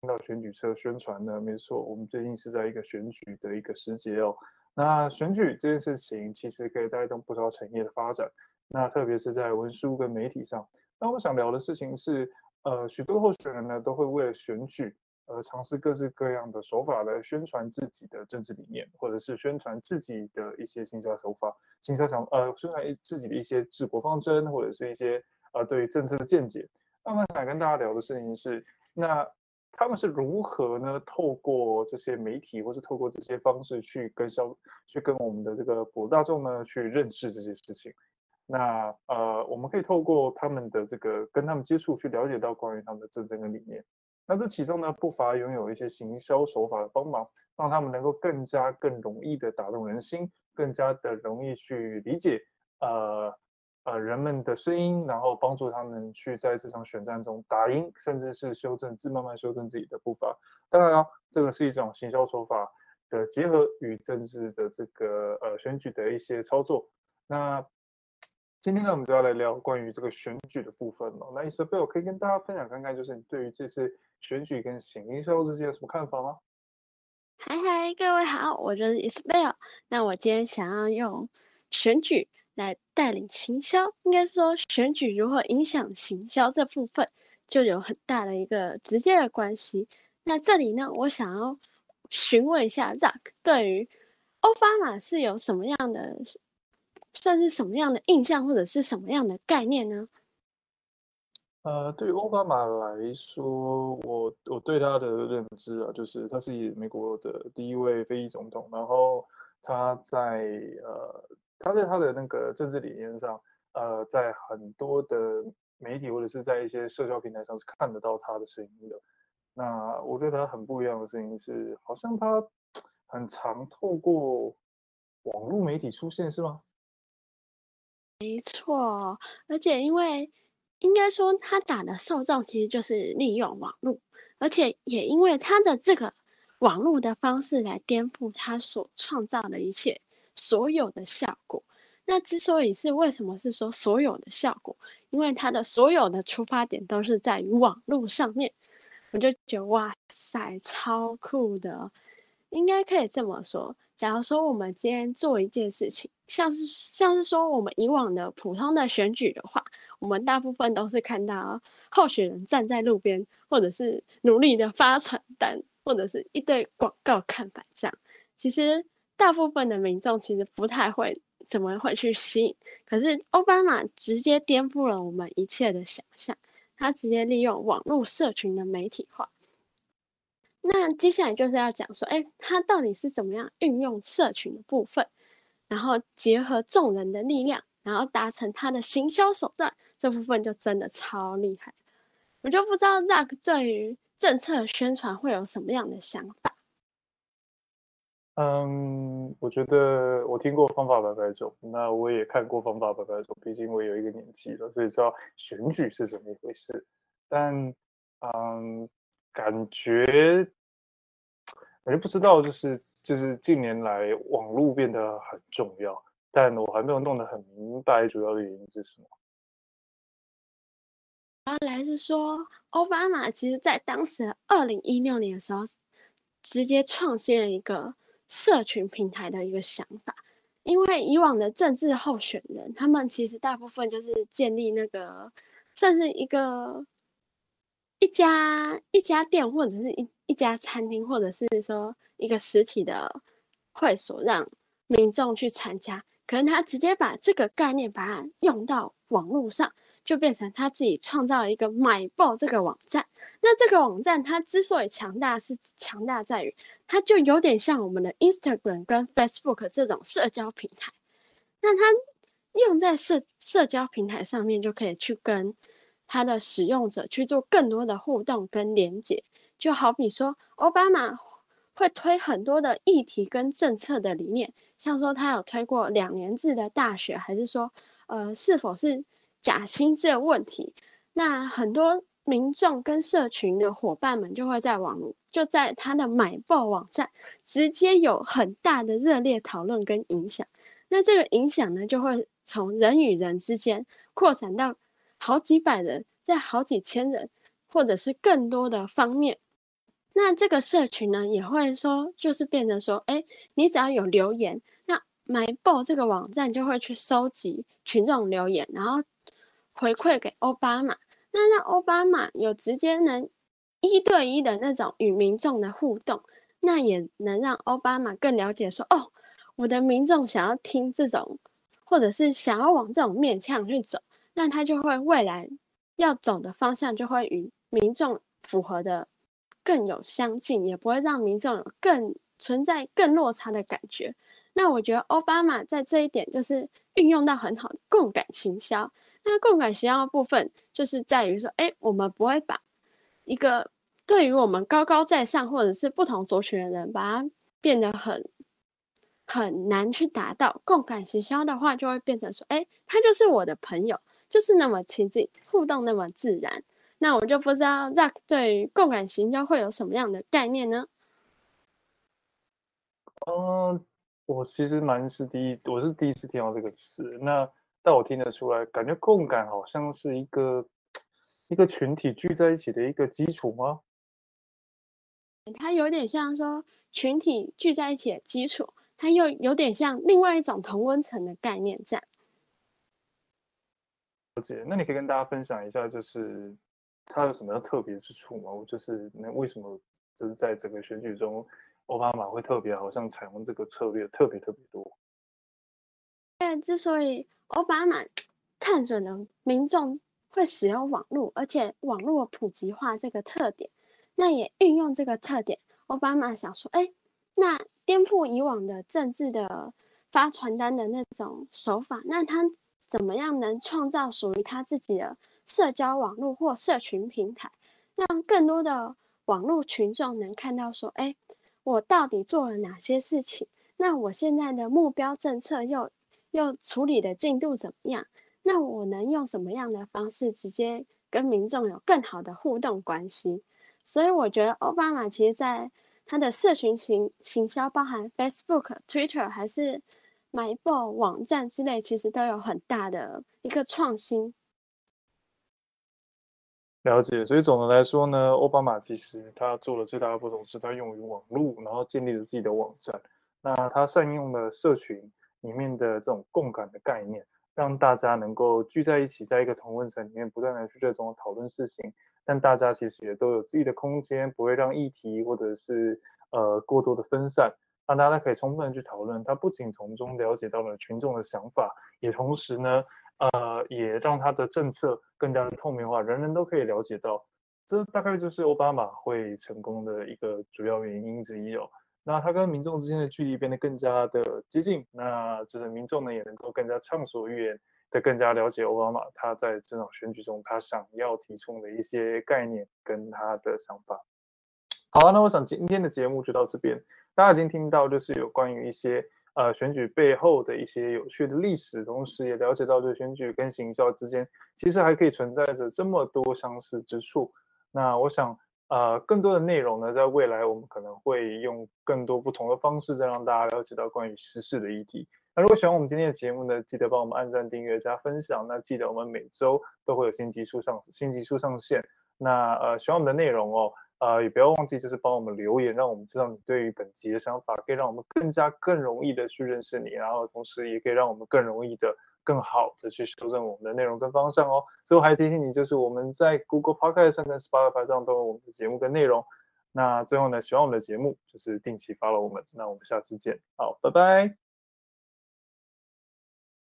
聽到選舉車宣傳呢，沒錯，我們最近是在一個選舉的一個時節哦。那選舉這件事情，其實可以帶動不少產業的發展，那特別是在文書跟媒體上。那我想聊的事情是，呃，許多候選人呢都會為了選舉。呃，嘗試各式各樣的手法來宣傳自己的政治理念，或者是宣傳自己的一些行銷手法，行銷想呃，宣傳自己的一些治國方針，或者是一些呃，對於政策的見解。那麼想跟大家聊的事情是，那他們是如何呢？透過這些媒體，或是透過這些方式去跟消去跟我們的這個普大眾呢去認識這些事情。那呃，我們可以透過他們的這個跟他們接觸，去了解到關於他們的政策跟理念。那這其中呢，不乏擁有一些行銷手法的幫忙，讓他們能夠更加更容易的打動人心，更加的容易去理解，呃呃，人們的聲音，然後幫助他們去在這場選戰中打贏，甚至是修正自慢慢修正自己的步伐。當然了，這個是一種行銷手法的結合與政治的這個呃選舉的一些操作。那今天呢，我們就要來聊關於這個選舉的部分了。那 Isabel，我可以跟大家分享看看，就是你對於這次，選舉跟行銷之間有什麼看法嗎？嗨嗨，各位好，我就是 Isabel。那我今天想要用選舉來帶領行銷，應該說選舉如何影響行銷，這部分就有很大的一個直接的關係。那這裡呢，我想要詢問一下 Zuck，對於歐巴馬是有什麼樣的，算是什麼樣的印象或者是什麼樣的概念呢？呃，對於歐巴馬來說，我我對他的認知啊，就是他是美國的第一位非裔總統。然後他在呃，他在他的那個政治理念上，呃，在很多的媒體或者是在一些社交平台上是看得到他的聲音的。那我對他很不一樣的聲音是，好像他很常透過網絡媒體出現，是嗎？沒錯，而且因為。應該說，他打的受眾其實就是利用網絡，而且也因為他的這個網絡的方式來顛覆他所創造的一切所有的效果。那之所以是為什麼是說所有的效果，因為他的所有的出發點都是在於網絡上面，我就覺得哇塞，超酷的。應該可以這麼說。假如說我們今天做一件事情，像是像是說我們以往的普通的選舉的話，我們大部分都是看到候選人站在路邊，或者是努力的發傳單，或者是一堆廣告看板這樣。其實大部分的民眾其實不太會怎麼會去吸引，可是歐巴馬直接顛覆了我們一切的想象，他直接利用網路社群的媒體化。那接下來就是要講說，哎、欸，他到底是怎麼樣運用社群的部分，然後結合眾人的力量，然後達成他的行銷手段，這部分就真的超厲害。我就不知道 Zack 對於政策宣傳會有什麼樣的想法。嗯，我覺得我聽過方法百百種，那我也看過方法百百種，畢竟我有一個年紀了，所以知道選舉是怎麼一回事。但，嗯。感覺我就不知道，就是就是近年來網絡變得很重要，但我還沒有弄得很明白，主要的原因是什麼。然後來是說，歐巴馬其實在當時二零一六年的時候，直接創新了一個社群平台的一個想法，因為以往的政治候選人，他們其實大部分就是建立那個算是一個。一家一家店，或者是一一家餐廳，或者是說一個實體的會所，讓民眾去參加。可能他直接把這個概念，把它用到網絡上，就變成他自己創造了一個 “MyBO” 這個網站。那這個網站它之所以強大，是強大在於它就有點像我們的 Instagram 跟 Facebook 這種社交平台。那它用在社社交平台上面，就可以去跟。他的使用者去做更多的互動跟連接，就好比說，歐巴馬會推很多的議題跟政策的理念，像說他有推過兩年制的大學，還是說呃是否是加薪資的問題，那很多民眾跟社群的夥伴們就會在網絡就在他的買報網站直接有很大的熱烈討論跟影響，那這個影響呢就會從人與人之間擴展到。好幾百人，在好幾千人，或者是更多的方面，那這個社群呢，也會說，就是變成說，哎，你只要有留言，那 Myball 這個網站就會去收集群眾留言，然後回饋給歐巴馬，那讓歐巴馬有直接能一對一的那種與民眾的互動，那也能讓歐巴馬更了解說，哦，我的民眾想要聽這種，或者是想要往這種面向去走。那他就會未來要走的方向就會與民眾符合的更有相近，也不會讓民眾有更存在更落差的感覺。那我覺得奧巴馬在這一點就是運用到很好的共感行銷。那共感行銷的部分就是在於說，哎、欸，我們不會把一個對於我們高高在上或者是不同族群的人，把他變得很很難去達到共感行銷的話，就會變成說，哎、欸，他就是我的朋友。就是那麼親近，互動那麼自然，那我就不知道 Zack 對於共感行銷會有什麼樣的概念呢？嗯，uh, 我其實蠻是第一，我是第一次聽到這個詞。那但我聽得出來，感覺共感好像是一個一個群體聚在一起的一個基礎嗎？它有點像說群體聚在一起的基礎，它又有點像另外一種同溫層的概念在。那你可以跟大家分享一下，就是他有什麼特別之處嗎？就是那為什麼就是在整個選舉中，奧巴馬會特別好像採用這個策略特別特別多？因為之所以奧巴馬看準了民眾會使用網絡，而且網絡普及化這個特點，那也運用這個特點，奧巴馬想說，哎、欸，那顛覆以往的政治的發傳單的那種手法，那他。怎麼樣能創造屬於他自己的社交網絡或社群平台，讓更多的網絡群眾能看到？說，哎，我到底做了哪些事情？那我現在的目標政策又又處理的進度怎麼樣？那我能用什麼樣的方式直接跟民眾有更好的互動關係？所以，我覺得歐巴馬其實在他的社群行行銷，包含 Facebook、Twitter 還是。買報網站之類，其實都有很大的一個創新。了解，所以總的來說呢，歐巴馬其實他做的最大的不同是，他用於網絡，然後建立了自己的網站。那他善用了社群裡面的這種共感的概念，讓大家能夠聚在一起，在一個同溫層裡面不斷的去這種討論事情，但大家其實也都有自己的空間，不會讓議題或者是呃過多的分散。讓大家可以充分去討論，他不僅從中了解到了群眾的想法，也同時呢，呃，也讓他的政策更加的透明化，人人都可以了解到。這大概就是歐巴馬會成功的一個主要原因之一哦。那他跟民眾之間的距離變得更加的接近，那就是民眾呢也能夠更加暢所欲言的更加了解歐巴馬他在這場選舉中他想要提出的一些概念跟他的想法。好、啊，那我想今天的節目就到這邊。大家已經聽到，就是有關於一些呃選舉背後的一些有趣的歷史，同時也了解到，就選舉跟行銷之間其實還可以存在着這麼多相似之處。那我想，呃，更多的內容呢，在未來我們可能會用更多不同的方式，再讓大家了解到關於時事的議題。那如果喜歡我們今天的節目呢，記得幫我們按贊、訂閱、加分享。那記得我們每周都會有新集數上新集數上線。那呃，喜歡我們的內容哦。啊、呃，也不要忘記，就是幫我們留言，讓我們知道你對於本集的想法，可以讓我們更加更容易的去認識你，然後同時也可以讓我們更容易的、更好的去修正我們的內容跟方向哦。最後還提醒你，就是我們在 Google Podcast 上跟 Spotify 上都有我們的節目跟內容。那最後呢，喜歡我們的節目，就是定期 follow 我們。那我們下次見，好，拜拜。